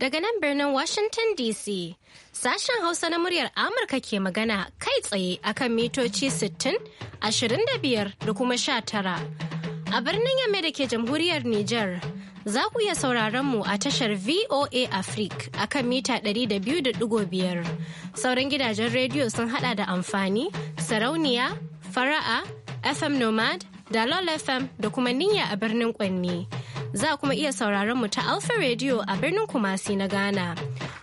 Daga nan birnin Washington DC, sashen Hausa na muryar Amurka ke magana kai tsaye akan mitoci 60, 25 da kuma 19. A birnin Yamme da ke jamhuriyar Nijar, za ku iya sauraron mu a tashar VOA Africa akan mita 200.5. Sauran gidajen rediyo sun hada da amfani, sarauniya, fara'a, FM Nomad, Dalol FM da kuma niyya a birnin Kwanni. Za kuma iya sauraron mu ta Alpha Radio a birnin Kumasi na Ghana.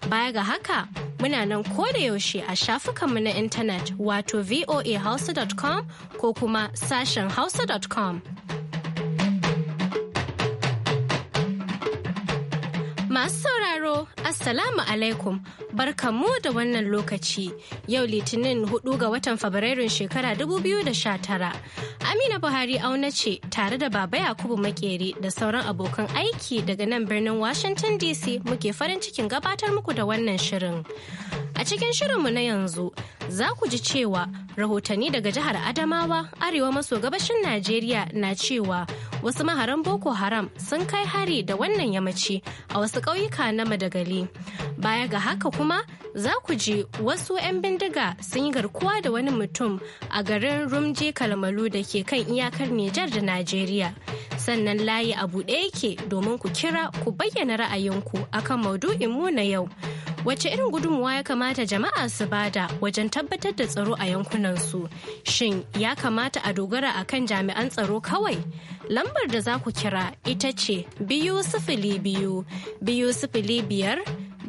Baya ga haka, muna nan ko da yaushe a shafukanmu na intanet wato voahausa.com ko kuma sashen hausa.com. Masu sauraro, Assalamu alaikum, mu da wannan lokaci. Yau Litinin Hudu ga watan Fabrairun shekara 2019. Amina Buhari auna ce tare da Baba Yakubu Makeri da sauran abokan aiki daga nan birnin Washington DC muke farin cikin gabatar muku da wannan shirin. A cikin shirinmu na yanzu za ku ji cewa rahotanni daga jihar Adamawa arewa maso gabashin Najeriya na cewa wasu maharan Boko Haram sun kai hari da wannan yamaci a wasu ƙauyuka na Madagali. Baya ga haka kuma za ku ji wasu 'yan bindiga sun yi garkuwa da wani mutum a garin Rumje Kalmalu da ke kan iyakar Nijar da Najeriya. Sannan layi a buɗe yake domin ku kira ku bayyana ra'ayinku akan maudu'in mu na yau. Wace irin gudunmuwa ya kamata jama'a su bada wajen tabbatar da tsaro a yankunansu shin ya kamata a dogara a kan jami'an tsaro kawai lambar da za ku kira ita ce biyu sifili biyu biyu sifili biyar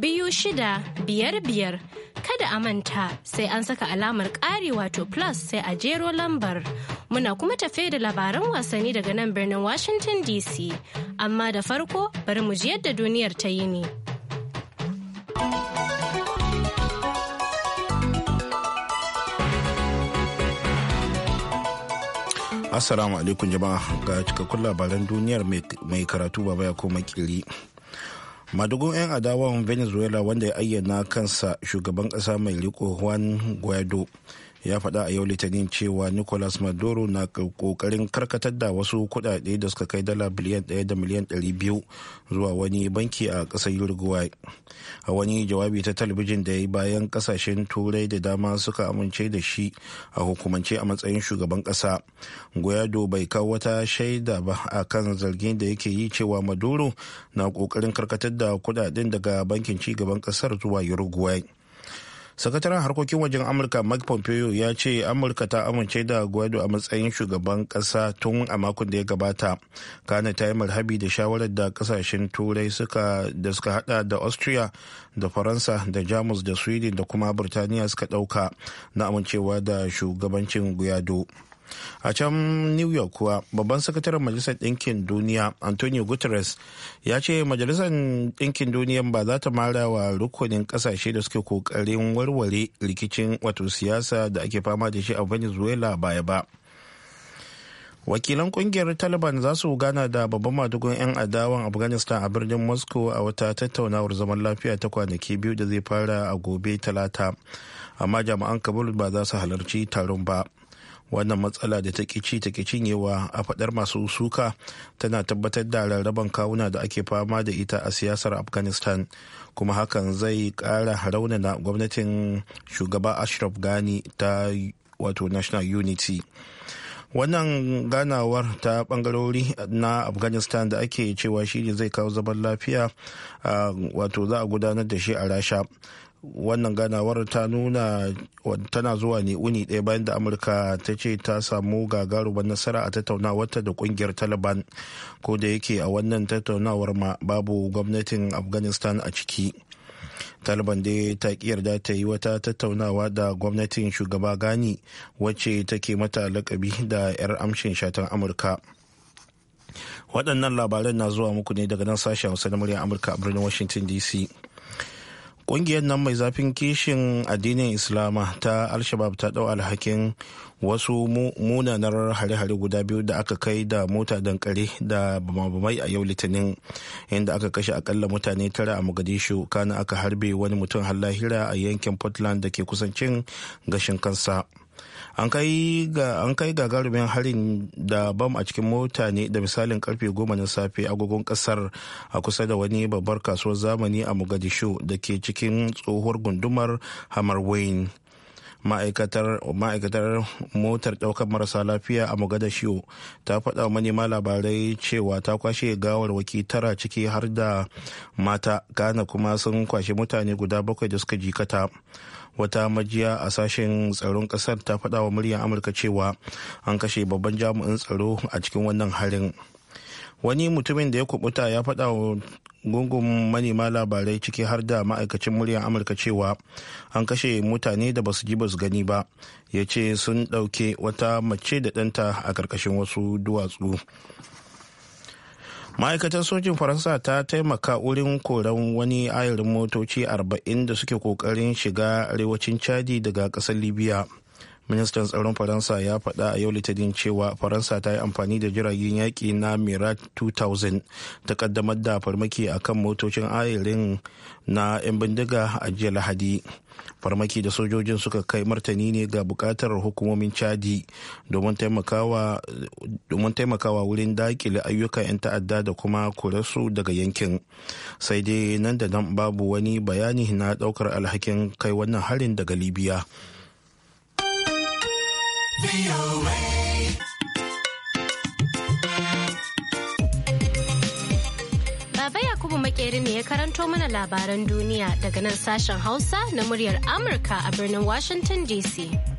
biyu shida biyar biyar kada a manta sai an saka alamar ƙari wato plus sai a jero lambar muna kuma tafe da labaran wasanni daga nan birnin washington dc amma da farko bari mu ji yadda duniyar ta yi ne. Assalamu alaikum jama'a ga cikakkun labaran duniyar mai karatu baba ya koma kiri. madugun 'yan adawan venezuela wanda ya ayyana kansa shugaban kasa mai riko juan guaido ya faɗa a yau litinin cewa nicolas maduro na ƙoƙarin karkatar da wasu kuɗaɗe da suka kai dala biliyan ɗaya da miliyan ɗari biyu zuwa wani banki a ƙasar uruguay a wani jawabi ta talabijin da ya yi bayan ƙasashen turai da dama suka amince da shi a hukumance a matsayin shugaban ƙasa guyado bai kawo wata shaida ba a kan zargin da yake yi cewa maduro na ƙoƙarin karkatar da kuɗaɗen daga bankin cigaban ƙasar zuwa uruguay sakataren harkokin wajen amurka mike pompeo ya ce amurka ta amince da guaido a matsayin shugaban kasa tun a makon da ya gabata kana ta yi marhabi da shawarar da kasashen turai da suka hada da austria da faransa da jamus da sweden da kuma birtaniya suka dauka na amincewa da shugabancin guaido a can new york kuwa babban sakataren majalisar ɗinkin duniya antonio guterres ya ce majalisar ɗinkin duniya ba za ta mara wa rukunin ƙasashe da suke kokarin warware rikicin wato siyasa da ake fama da shi a venezuela baya ba wakilan kungiyar taliban za su gana da babban madugun 'yan adawan afghanistan a birnin moscow a wata tattaunawar zaman lafiya ta kwanaki biyu da zai fara a gobe talata amma jami'an kabul ba za su halarci taron ba wannan matsala da ta kici ta cinyewa a fadar masu suka tana tabbatar da rarraban kawuna da ake fama da ita a siyasar afghanistan kuma hakan zai kara raunana gwamnatin shugaba ashraf gani ta wato national unity wannan ganawar ta bangarori na afghanistan da ake cewa shine zai kawo zaman lafiya wato za a gudanar da shi a rasha wannan ganawar ta nuna tana zuwa ne uni ɗaya bayan da amurka ta ce ta samu gagarumar nasara a tattaunawarta da kungiyar taliban ko da yake a wannan tattaunawar ma babu gwamnatin afghanistan a ciki taliban dai ta ki yarda ta yi wata tattaunawa da gwamnatin shugaba gani wacce take mata lakabi da 'yar amshin shatan amurka waɗannan labaran na zuwa muku ne daga nan sashen hausa na murya amurka a birnin washington dc Ƙungiyar nan mai zafin kishin addinin Islama ta Alshabab ta ɗau alhakin wasu munanar hare-hare guda biyu da aka kai da mota dankare da bamabamai a yau litinin inda aka kashe akalla mutane tara a Mogadishu kana aka harbe wani mutum har lahira a yankin Portland da ke kusancin gashin kansa. an kai gagarumin harin da bam a cikin mota ne da misalin karfe goma na safe agogon kasar a kusa da wani babbar kasuwar zamani a mogadishu da ke cikin tsohuwar gundumar hamar wayne ma'aikatar motar daukar marasa lafiya a mogadishu ta faɗa mani manema labarai cewa ta kwashe gawarwaki tara ciki har da mata kana kuma sun kwashe mutane guda bakwai da suka jikata wata majiya a sashen tsaron kasar ta faɗa wa muryar amurka cewa an kashe babban jami'in tsaro a cikin wannan harin wani mutumin da ya kubuta ya faɗa wa gungun manema labarai ciki har da ma'aikacin muryar amurka cewa an kashe mutane da basu ji basu gani ba ya ce sun ɗauke wata mace da ɗanta a ƙarƙashin wasu duwatsu ma'aikatar sojin faransa ta taimaka wurin koran wani ayarin motoci 40 da suke kokarin shiga arewacin chadi daga ƙasar libya ministan tsaron faransa ya faɗa a yau litinin cewa faransa ta yi amfani da jiragen yaƙi na mirage 2000 ta kaddamar da farmaki a kan motocin ayarin na 'yan bindiga a jiya lahadi farmaki da sojojin suka kai martani ne ga bukatar hukumomin chadi domin taimakawa wurin dakile ayyukan 'yan ta'adda da kuma su daga yankin sai dai nan da nan babu wani bayani na daukar alhakin kai wannan harin daga libya Baba Yakubu Makeri ne ya karanto mana labaran duniya daga nan sashen Hausa na muryar Amurka a birnin Washington DC.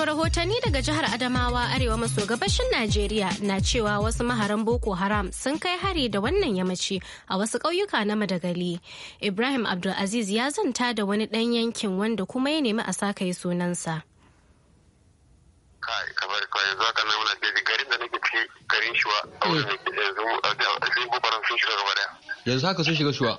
To rahotanni daga jihar Adamawa arewa maso gabashin Najeriya na cewa wasu maharan Boko Haram sun kai hari da wannan yamaci a wasu ƙauyuka na Madagali. Ibrahim Abdulaziz ya zanta da wani ɗan yankin wanda kuma ya nemi a saka yi sunansa. kamar da garin da nake garin shuwa a yanzu sun shiga gaba daya. Yanzu haka sun shiga shuwa.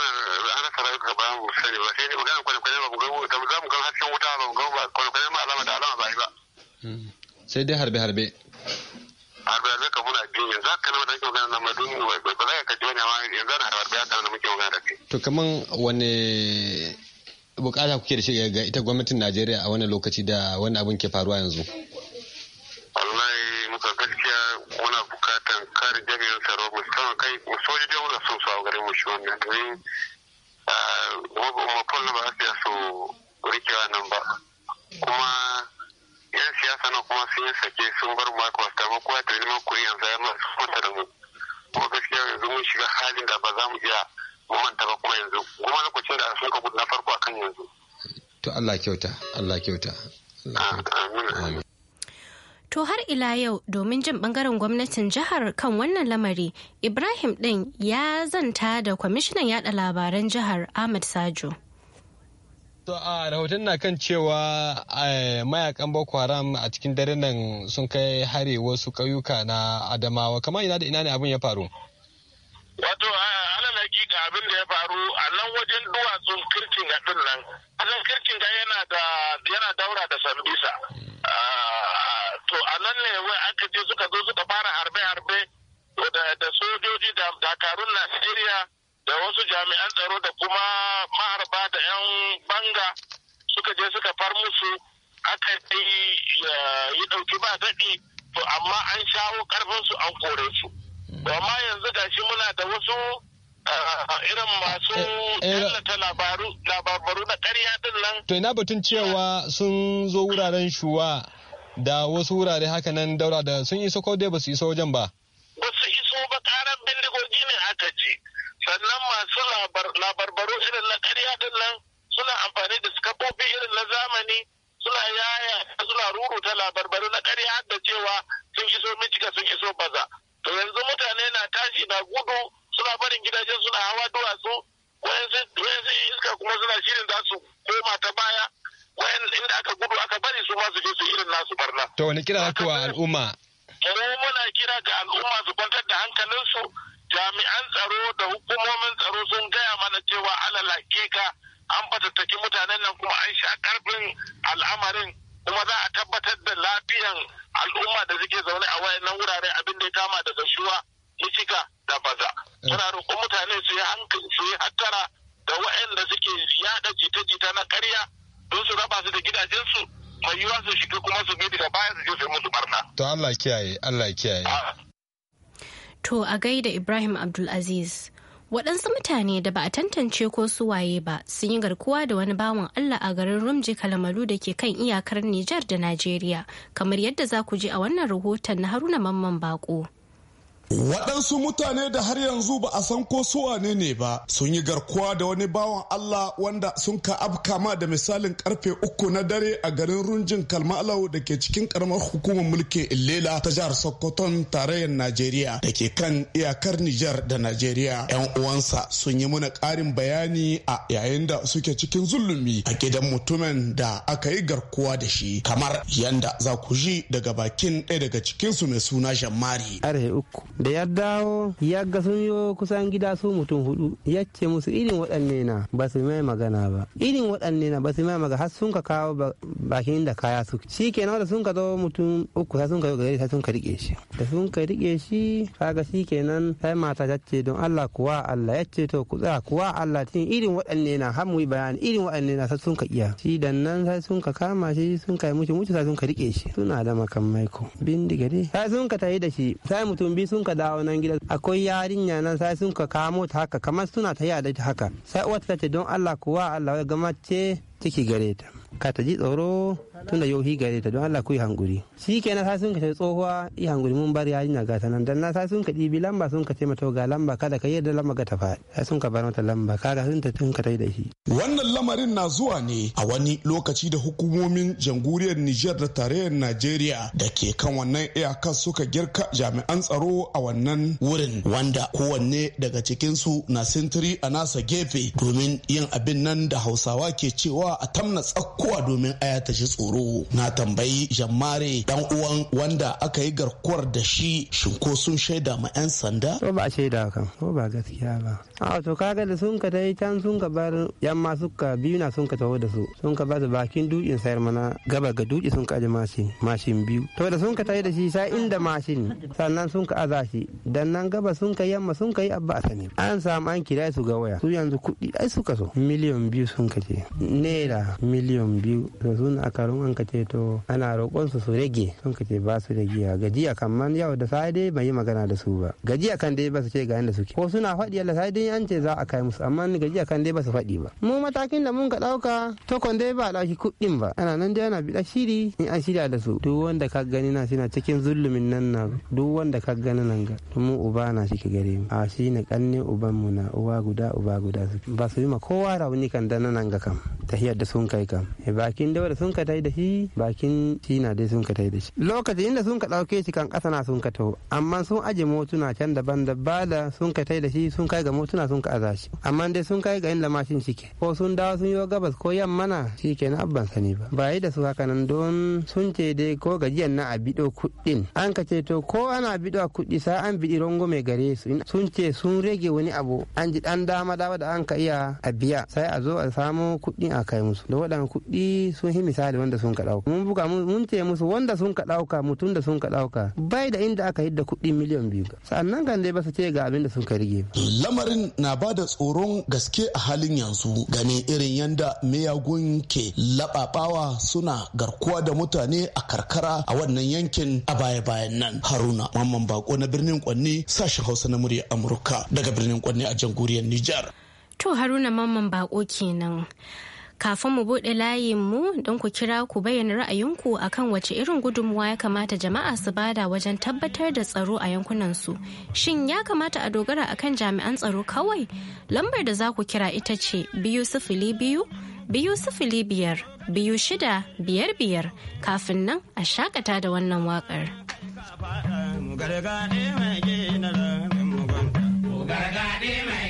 sai dai harbe-harbe harbe-harbe ka muna biyu yanzu haka ne ba ka kaji da muke kaman wani bukata kuke da shi ga ita gwamnatin Najeriya a wannan lokaci da wani abin ke faruwa yanzu kowa ta zama koyi yanzu ya masu kusa da mu kuma gaskiya yanzu mun shiga halin da ba za mu iya manta ba kuma yanzu kuma lokacin da sun ka gudu na farko akan yanzu. to Allah kyauta Allah kyauta. Ah, amin. To har ila yau domin jin bangaren gwamnatin jihar kan wannan lamari, Ibrahim ɗin ya zanta da kwamishinan yada labaran jihar Ahmad Sajo. To a rahoton na kan cewa mayakan Boko Haram a cikin dare nan sun kai hare wasu ƙauyuka na Adamawa. Kamar ina da ina ne abin ya faru? Wato alal hakika abin da ya faru a nan wajen duwatsun kirkin din nan. A nan kirkin ga yana da yana daura da Sambisa. To a nan ne wai aka kace suka zo suka fara harbe-harbe da sojoji da dakarun Najeriya. da wasu jami'an tsaro da kuma maharba da 'yan banga suka je suka far musu aka yi ɗauki ba daɗi to amma an shawo ƙarfinsu an kore su amma yanzu gashi muna da wasu ah, irin masu eh, eh, tallata labaru labaru na ƙarya din nan to ina batun cewa sun zo wuraren shuwa da wasu wurare haka nan daura da sun iso ko dai ba su iso wajen ba labarbaru irin na ƙarya din nan suna amfani da kafofi irin na zamani suna yaya suna ruruta labarbaru na ƙarya da cewa sun iso micika sun iso baza to yanzu mutane na tashi na gudu suna barin gidajen suna hawa duwatsu wayansu iska kuma suna shirin za su koma ta baya wayan inda aka gudu aka bari su ma su je su irin nasu barna. to wani kira kuwa al'umma. kuma muna kira ga al'umma su kwantar da hankalinsu jami'an tsaro da hukumomin tsaro sun gaya mana cewa alala keka an fatattaki mutanen nan kuma an sha karfin al'amarin kuma za a tabbatar da lafiyan al'umma da suke zaune a wayannan wurare abin da ya kama daga shuwa mishika da baza suna roƙon mutane su yi hankali su yi hattara da wayanda suke yada jita-jita na karya don su raba su da gidajensu mai yiwuwa su shiga kuma su bi daga baya su je su yi musu barna to Allah kiyaye Allah kiyaye To a gaida Ibrahim Abdulaziz. Waɗansu mutane da ba a tantance ko su waye ba sun yi garkuwa da wani bawan Allah a garin Rumji Kalamalu da ke kan iyakar Nijar da Najeriya, kamar yadda za ku ji a wannan rahoton na Haruna Mamman Bako. Waɗansu mutane da har yanzu ba a san ko su wane ne ba sun yi garkuwa da wani bawan Allah wanda sun ka kama da misalin karfe uku na dare a garin Runjin Kalmalau da ke cikin karamar hukumar mulkin Illela ta jihar Sokoton tarayyar Najeriya da ke kan iyakar Nijar da Najeriya. 'Yan uwansa sun yi mana ƙarin bayani a yayin da suke cikin zulumi a gidan mutumin da aka yi garkuwa da shi kamar yanda za ku ji daga bakin ɗaya daga cikinsu mai suna jamari da ya dawo ya ga sun yi kusan gida su mutum hudu ya ce musu irin waɗanne na ba su mai magana ba irin waɗanne na ba su mai magana har sun ka kawo bakin da kaya su shi kenan da sun ka zo mutum uku sai sun ka yi gare sai sun ka rike shi da sun ka rike shi kaga shi nan sai mata ta ce don Allah kuwa Allah ya ce to ku tsaya kuwa Allah tin irin waɗanne na har mu yi bayani irin waɗanne na sai sun ka iya shi dan nan sai sun ka kama shi sun kai mushi mushi sai sun ka rike shi suna da makamai ko bindiga dai sai sun ka tayi da shi sai mutum bi sun ka suka dawo nan gida akwai yarinya nan sai sun ka kamo ta haka kamar suna ta yada ta haka sai wata ta ce don Allah kuwa Allah ya gama ce ciki gare ta ka ta ji tsoro tunda yau hi gare ta don Allah ku yi hankuri shi na, sasun sun kace tsohuwa yi hankuri mun bar yayi na gata nan dan na sasun ka ɗibi lamba sun ka ce mata ga lamba kada ka yarda lamba ga ta faɗi sun ka bar mata lamba kaga sun ta tun ka da shi wannan lamarin na zuwa ne a wani lokaci da hukumomin jamhuriyar Nijar da tarayyar Najeriya da ke kan wannan iyakar suka girka jami'an tsaro a wannan wurin wanda kowanne daga cikin su na sintiri a nasa gefe domin yin abin nan da Hausawa ke cewa a tamna tsakkuwa domin aya ta shi tsoro tsoro na tambayi jammare dan uwan wanda aka yi garkuwar da shi shinko sun shaida ma 'yan sanda ko ba shaida kan ko ba gaskiya ba a to kaga da sun ka ta yi can sun ka bar yan su ka biyu na sun ka taho da su sun ka ba su bakin dukin sayar mana gaba ga duki sun ka aje mashin mashin biyu to da sun ka ta yi da shi sai inda mashin sannan sun ka aza shi dan nan gaba sun ka yamma sun ka yi abba a sani an samu an kira su ga waya su yanzu kuɗi ai su ka so miliyan biyu sun ka je naira miliyan biyu da sun a karon sun an kace to ana roƙon su su rage sun kace ba su da giya gajiya kan man yau da sai dai bai yi magana da su ba gajiya kan dai ba su ce ga yanda suke ko suna faɗi Allah sai dai an ce za a kai musu amma gajiya kan dai ba su faɗi ba mu matakin da mun ka ɗauka kon dai ba dauki kuɗin ba ana nan dai ana biɗa shiri in an shirya da su duk wanda ka gani na suna cikin zulumin nan na duk wanda ka gani nan ga mu uba na shi gare mu a shi ne ƙanne uban mu na uwa guda uba guda su ba su yi ma kowa rauni kan da nan ga kam tahiyar da sun kai kam eh, bakin da sun ka da shi bakin tina dai sun ka da shi lokacin inda sun ka dauke shi kan kasa na sun ka taho amma sun aje motuna can daban da bada sun ka da shi sun kai ga motuna sun ka aza shi amma dai sun kai ga inda mashin shike ko sun dawo sun yi gabas ko yamma na shi na abban sani ba ba da su haka nan don sun ce dai ko gajiyan na a biɗo kuɗin an ka ce to ko ana biɗo a kuɗi sa an biɗi rongo mai gare su sun ce sun rage wani abu an ji ɗan dama dawa da an ka iya a biya sai a zo a samo kuɗi a kai musu da waɗannan kuɗi sun yi misali wanda sun ka dauka mun buga mun ce musu wanda sun ka dauka mutum da sun ka dauka bai da inda aka hidda kuɗi miliyan biyu sannan kan dai ba su ce ga abin da sun ka rige lamarin na ba da tsoron gaske a halin yanzu gane irin yanda miyagun ke laɓaɓawa suna garkuwa da mutane a karkara a wannan yankin a baya-bayan nan haruna mamman bako na birnin kwanne sashen hausa na murya amurka daga birnin kwanne a jamhuriyar nijar to haruna mamman bako kenan Kafin mu buɗe mu don ku kira ku bayyana ra'ayinku akan wace irin gudunmuwa ya kamata jama'a su bada wajen tabbatar da tsaro a yankunan su Shin ya kamata a dogara akan jami'an tsaro kawai? Lambar da za ku kira ita ce biyu sifili biyu biyu sifili biyar biyu shida biyar biyar kafin nan a shakata da wannan waƙar. Gargaɗe mai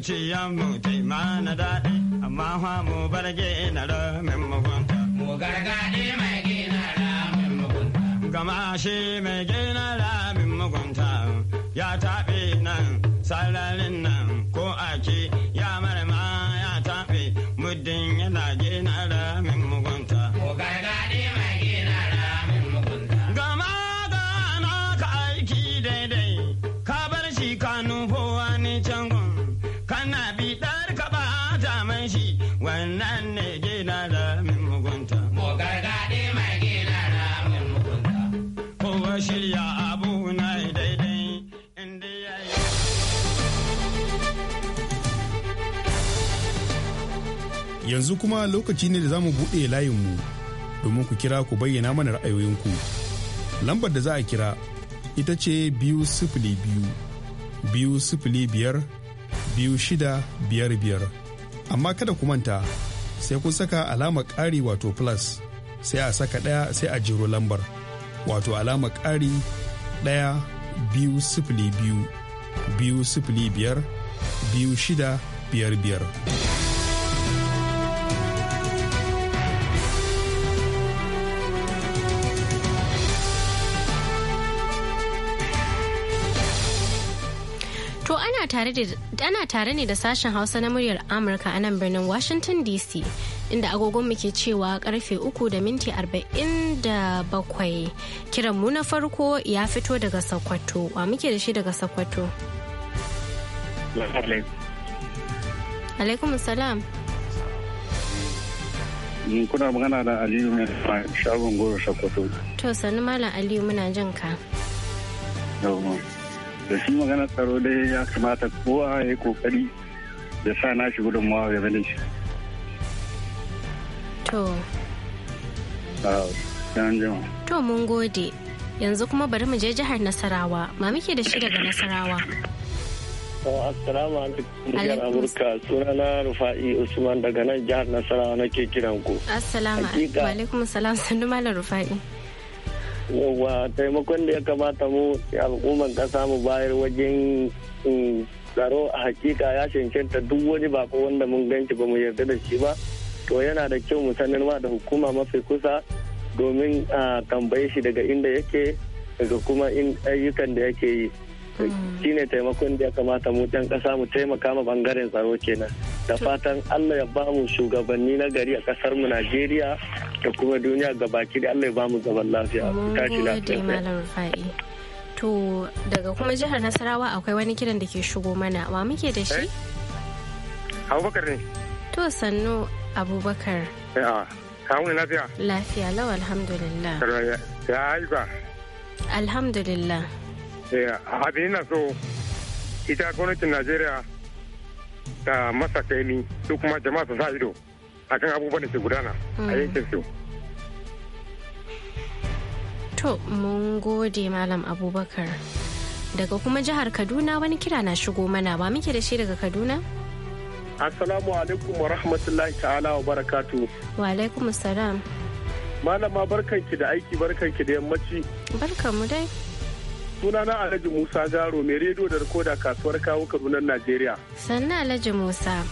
zuciyanmu ma mana daɗi amma fa mu bar gina min mugunta. Mu gargaɗi mai gina min mugunta. Gama shi mai gina min mugunta ya taɓe nan sararin nan ko ake ya marama ya taɓe muddin yana gina min. Yanzu kuma lokaci ne da za mu buɗe layinmu domin ku kira ku bayyana mana ra'ayoyinku. Lambar da za a kira ita ce biyu sifili biyu biyu sifili biyar biyu shida biyar biyar amma kada ku manta sai kun saka alamar ƙari wato plus sai a saka ɗaya sai a jiro lambar wato alamar ƙari ɗaya biyu sifili biyu biyu sifili biyar biyu shida biyar biyar. ana tare ne da sashen Hausa na muryar Amurka a nan birnin Washington DC inda agogonmu ke cewa karfe 3 da minti 47 Kiranmu na farko ya fito daga Sokoto. Wa muke da shi daga Sokoto? Alaikum salam. Kuna magana da Aliyu mai shagon goro Sokoto. To sannu Malam Aliyu muna jin ka. da shi magana tsaro da ya kamata kowa ya yi kokari da sa na nashi gudunmawa game da shi to ah, to mun gode yanzu kuma bari mu je jihar nasarawa ma muke da shi daga nasarawa Assalamu alaikum jihar Amurka sunana Rufa'i Usman daga nan jihar Nasarawa nake kiran ku. Assalamu alaikum Wa alaikum salam sannu Malam Rufa'i. yawwa taimakon da ya kamata mu al'umman kasa mu bayar wajen mm, tsaro a hakika ya cancanta duk wani bako wanda mun ganci ba mu yarda da shi ba to yana da kyau mu sanar ma da hukuma mafi kusa domin a tambaye shi daga inda yake daga kuma in ayyukan da yake yi hmm. shine taimakon da ya kamata mu dan kasa mu taimaka ma bangaren tsaro kenan da fatan Allah ya ba mu shugabanni na gari a kasar mu Najeriya da kuma duniya gabaki da Allah ya ba mu zaman lafiya tashi lafiya to daga kuma jihar Nasarawa akwai wani kiran da ke shigo mana wa muke da shi eh? Abubakar ne to sannu Abubakar kawun lafiya lafiya lau alhamdulillah ya haifa alhamdulillah eh, abin na so ita gwamnatin Najeriya da kaini su kuma jama'a su sa ido a kan abubuwan da ke gudana a mm. yankin su. To, mun gode Malam Abubakar. Daga kuma jihar Kaduna wani kira na shigo mana ba muke da shi daga Kaduna? Assalamu alaikum wa rahmatullahi ta'ala wa barakatu. Wa alaikum salam. Malama barkanki da aiki barkanki da yammaci. Barkanmu dai. sunana alhaji musa garo mai rediyo da rikoda kasuwar kawo kaduna najeriya sannan alhaji musa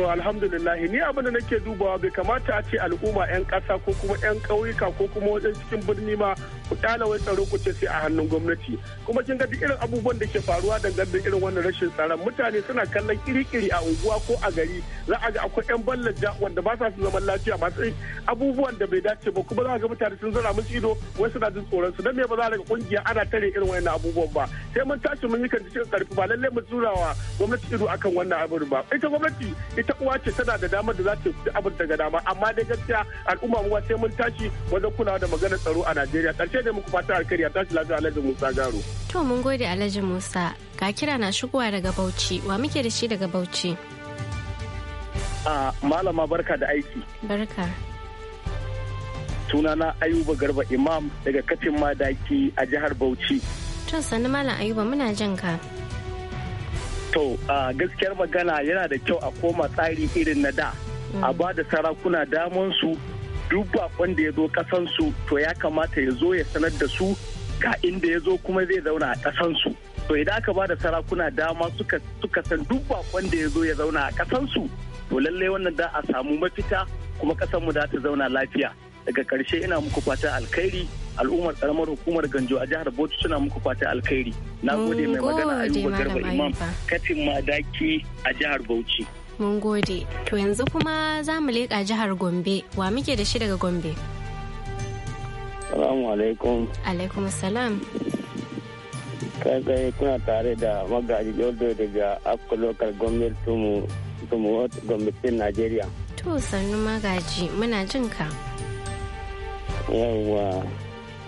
To alhamdulillah ni abin da nake dubawa bai kamata a ce al'umma 'yan ƙasa ko kuma 'yan ƙauyuka ko kuma wajen cikin birni ma ku wai tsaro ku ce sai a hannun gwamnati. Kuma kin ga duk irin abubuwan da ke faruwa dangane da irin wannan rashin tsaron mutane suna kallon kiri-kiri a unguwa ko a gari za a ga akwai 'yan ballaja wanda ba sa su zaman lafiya masu abubuwan da bai dace ba kuma za ga mutane sun zara musu ido wai suna jin tsoron su dan me ba za a ga kungiya ana tare irin wannan abubuwan ba sai mun tashi mun yi kan cikin karfi ba lalle mu zurawa gwamnati ido akan wannan abin ba ita gwamnati ita ita uwa ce tana da damar da za ta fi abin daga dama amma dai gaskiya al'umma mu sai mun tashi wajen kulawa da maganar tsaro a Najeriya karshe da muku fata alkhairi a tashi lafiya Alhaji Musa Garo to mun gode Alhaji Musa ga kira na shigowa daga Bauchi wa muke da shi daga Bauchi a malama barka da aiki barka sunana Ayuba Garba Imam daga Katin Madaki a jihar Bauchi to sannu malam Ayuba muna jan ka to gaskiyar magana yana da kyau a koma tsari irin na da a mm. ba da sarakuna damansu duk bakon da ya zo kasansu to ya kamata ya zo ya sanar da su ka inda ya zo kuma zai zauna a kasansu to idan aka ba da sarakuna dama suka san duk bakon da ya zo ya zauna a kasansu to lallai wannan da a samu mafita kuma kasanmu da ta zauna lafiya daga karshe ina muku fata alkhairi al'ummar karamar hukumar ganjo a jihar bauchi suna muku fata alkhairi na gode mai magana ayuba garba imam katin madaki a jihar bauchi mun gode to yanzu kuma za mu leƙa jihar gombe wa muke da shi daga gombe salamu alaikum alaikum salam kai kai kuna tare da magaji jordo daga afko lokal gombe tumu tumu gombe tin nigeria to sannu magaji muna jin ka yawwa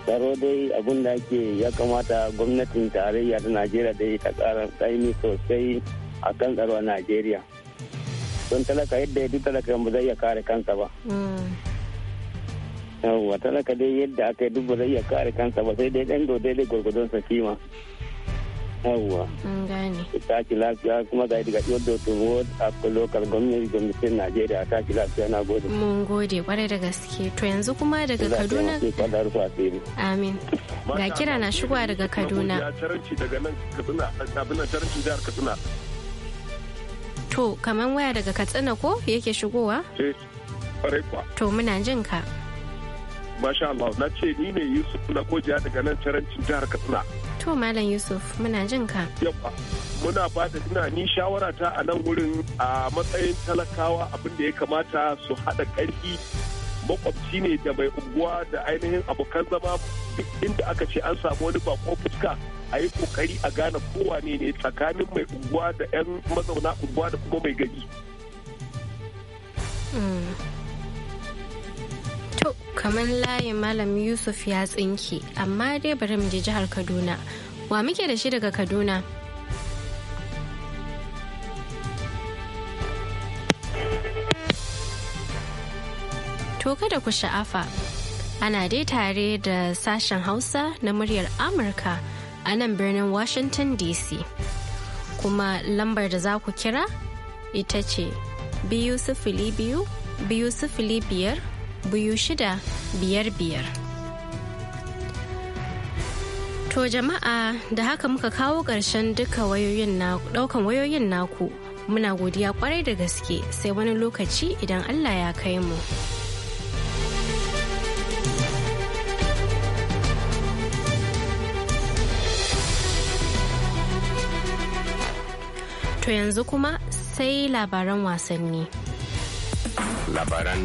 tsaro dai abin da ake ya kamata gwamnatin tarayya ta najeriya dai ta ƙara tsaini sosai a kan tsaro a najeriya don talaka yadda ya duk talaka ba zai iya kare kansa ba mm. yawwa talaka dai yadda aka yi duk ba zai iya kare kansa ba sai dai ɗan da gwargwadon sa kima yawwa gane tashi lafiya kuma ga daga yau da tuwo a lokal gwamnati gwamnatin najeriya tashi lafiya na gode mun gode kwarai da gaske to yanzu kuma daga kaduna amin ga kira na shigowa daga kaduna to kamar waya daga katsina ko yake shigowa eh, to muna jin ka masha Allah na ce ni ne Yusuf na koja daga nan caranci jihar Katsina To Malam Yusuf muna jin ka. Yabba muna ba da ina ni shawara ta a nan wurin a matsayin talakawa abin da ya kamata su haɗa ƙarfi makwabci ne da mai unguwa da ainihin abokan zama duk inda aka ce an samu wani bako fuska a yi kokari a gane kowane ne tsakanin mai unguwa da 'yan mazauna unguwa da kuma mai gari. Hmm. To, kamar layin Malam Yusuf ya tsinki, amma dai bari mu je jihar Kaduna. Wa muke da shi daga Kaduna? To kada ku sha'afa. Ana dai tare da sashen Hausa na muryar Amurka a nan birnin Washington DC. Kuma lambar da za ku kira ita ce biyu sifili biyu biyu sifili biyar biyu shida biyar biyar. To jama'a da haka muka kawo ƙarshen duka wayoyin ɗaukan wayoyin naku muna godiya kwarai da gaske sai wani lokaci idan Allah ya kai mu. To yanzu kuma sai labaran wasanni. labaran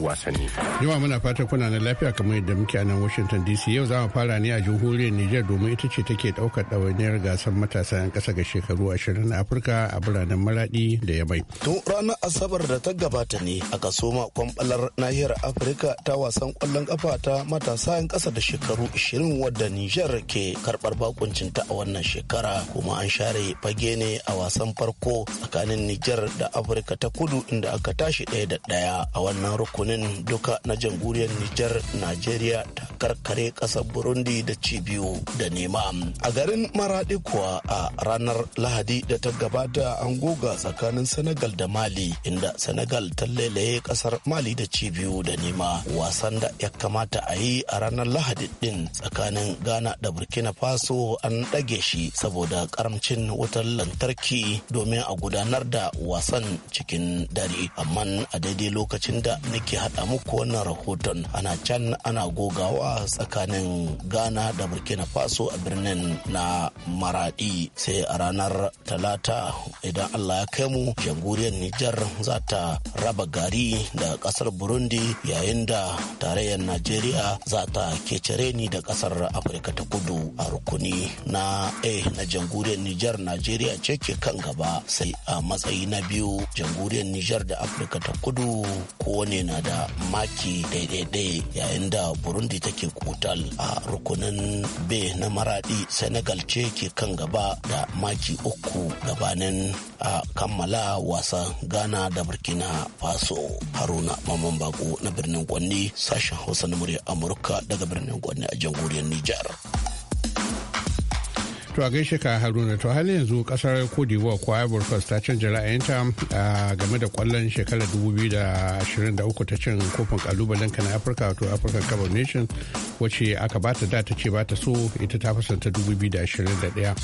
wasanni. Juma muna fata kuna na lafiya kamar yadda muke a nan Washington DC yau za fara ne a jamhuriyar Nijar domin ita ce take daukar ɗawainiyar gasar matasa 'yan ƙasa ga shekaru 20 na Afirka a biranen maraɗi da Yamai. Tun ranar Asabar da ta gabata ne a soma kwamɓalar nahiyar Afirka ta wasan kwallon ƙafa ta matasa 'yan ƙasa da shekaru 20 wadda Nijar ke karɓar bakuncin ta a wannan shekara kuma an share fage ne a wasan farko tsakanin Nijar da Afirka ta kudu inda aka tashi ɗaya da ɗaya. baya a wannan rukunin duka na jamhuriyar Nijar Najeriya ta karkare ƙasar Burundi da cibiyu da nema. A garin Maradi kuwa a ranar Lahadi da ta gabata an goga tsakanin Senegal da Mali inda Senegal ta lailaye ƙasar Mali da cibiyu da nema wasan da ya kamata a yi a ranar Lahadi din tsakanin Ghana da Burkina Faso an ɗage shi saboda karamcin wutar lantarki domin a gudanar da wasan cikin dare amma a daidai lokacin da nake haɗa muku wannan rahoton ana can ana gogawa tsakanin ghana da burkina faso a birnin na maradi sai a ranar talata idan allah ya kai mu jamhuriyar nijar za ta raba gari da kasar burundi yayin da tarayyar najeriya za ta kecere ni da kasar afirka ta kudu a rukuni na a eh, na jamhuriyar nijar najeriya ce ke kan gaba sai a matsayi na biyu jamhuriyar nijar da afirka ta kudu kowane na da maki daidai yayin da burundi take kotal a rukunin b na maradi senegal ce ke kan gaba da maki uku gabanin a kammala wasan ghana da burkina faso haruna maman bako na birnin gwanni sashen hausa na murya amurka daga birnin gwanni a jamhuriyar nijar to a gaishe ka haruna to hali yanzu kasar kodewa ko ivory coast ta canja ra'ayinta game da kwallon shekarar 2023 ta cin kofin kalubalen kan na afirka to african cup nation wacce aka ba da ta ce ba ta so ita ta fasanta 2021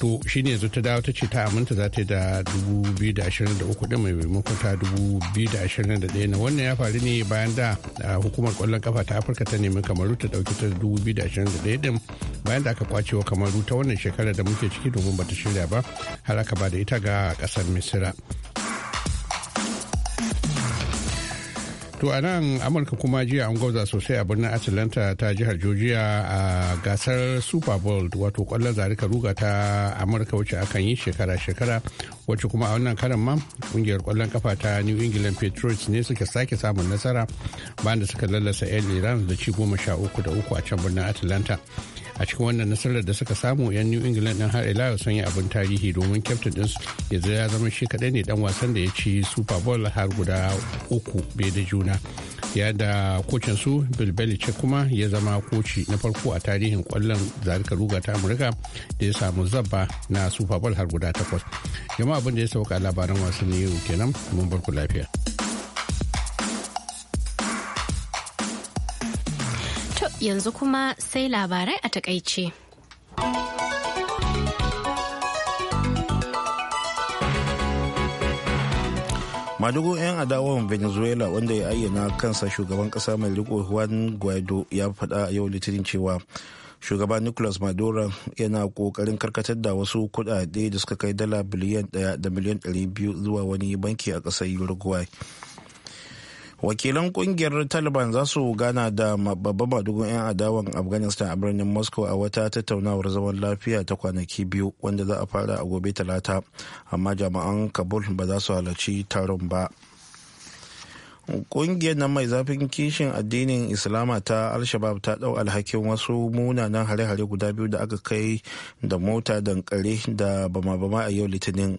to shi ne yanzu ta dawo ta ce ta aminta za ta yi da 2023 din mai maimakon ta 2021 na wannan ya faru ne bayan da hukumar kwallon kafa ta afirka ta nemi kamaru ta dauki ta 2021 din bayan da aka kwace wa kamaru ta wannan shekarar da muke ciki domin bata shirya ba har aka ba da ita ga kasar misira To a nan Amurka kuma jiya an gwauza sosai a birnin Atlanta ta jihar Georgia a gasar Super Bowl wato kwallon zarika ruga ta Amurka wacce akan yi shekara-shekara wacce kuma a wannan karan ma kungiyar kwallon kafa ta New England Patriots ne suka sake samun nasara bayan da suka lallasa 'yan Iran da ci goma sha uku da uku a can birnin Atlanta. a cikin wannan nasarar da suka samu yan new england din har ila sun sanya abin tarihi domin kyaftin din yanzu ya zama shi kadai ne dan wasan da ya ci super bowl har guda uku bai da juna ya da kocin su bill belichick kuma ya zama koci na farko a tarihin kwallon zarika ruga ta amurka da ya samu zabba na super bowl har guda takwas jama'a abin da ya sauka labaran wasanni yau kenan mun ku lafiya. yanzu kuma sai labarai a takaice. madugu 'yan adawan venezuela wanda ya ayyana kansa shugaban kasa mai riko juan guaido ya faɗa a yau litinin cewa shugaban nicolas maduro yana ƙoƙarin karkatar da wasu kuɗaɗe da suka kai dala biliyan 1 da miliyan 200 zuwa wani banki a ƙasar uruguay wakilan kungiyar taliban za su gana da babban madugun 'yan adawan afghanistan a birnin moscow a wata tattaunawar zaman lafiya ta kwanaki biyu wanda za a fara a gobe talata amma jami'an kabul ba za su halarci taron ba Ƙungiyar nan mai zafin kishin addinin Islama ta Alshabab ta dau alhakin wasu munanan hare-hare guda biyu da aka kai da mota dankare da bama-bama a yau Litinin,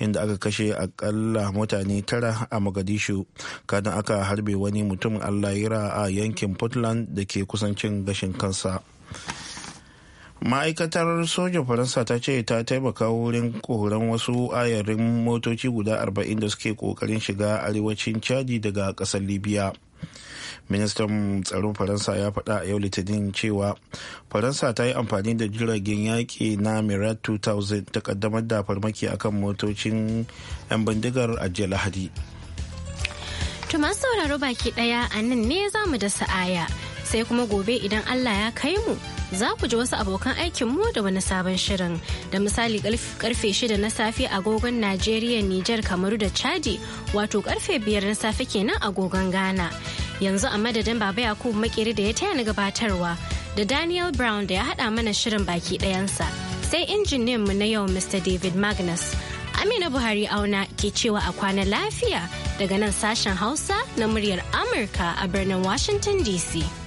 inda aka kashe akalla mutane tara a Mogadishu, kadan aka harbe wani mutum Allah a yankin Portland da ke kusancin gashin kansa. ma'aikatar sojan faransa ta ce ta taimaka wurin koran wasu ayarin motoci guda 40 da suke kokarin shiga arewacin chadi daga kasar libya ministan tsaron faransa ya faɗa a yau litinin cewa faransa ta yi amfani da jiragen yaƙi na mirage 2000 ta kaddamar da farmaki akan motocin 'yan bindigar ajiyar lahadi masu sauraro baki ɗaya a nan ne za mu da sa'aya sai kuma gobe idan Allah ya kai mu za ku ji wasu abokan aikin mu da wani sabon shirin da misali karfe shida na safe agogon Najeriya Nijar Kamaru da Chadi wato karfe biyar na safe kenan agogon Ghana yanzu a madadin Baba Yakubu Makeri da ya taya ni gabatarwa da Daniel Brown da ya hada mana shirin baki dayansa sai injiniyan mu na yau Mr David Magnus Amina Buhari auna ke cewa a kwana lafiya daga nan sashen Hausa na muryar Amurka a birnin Washington DC.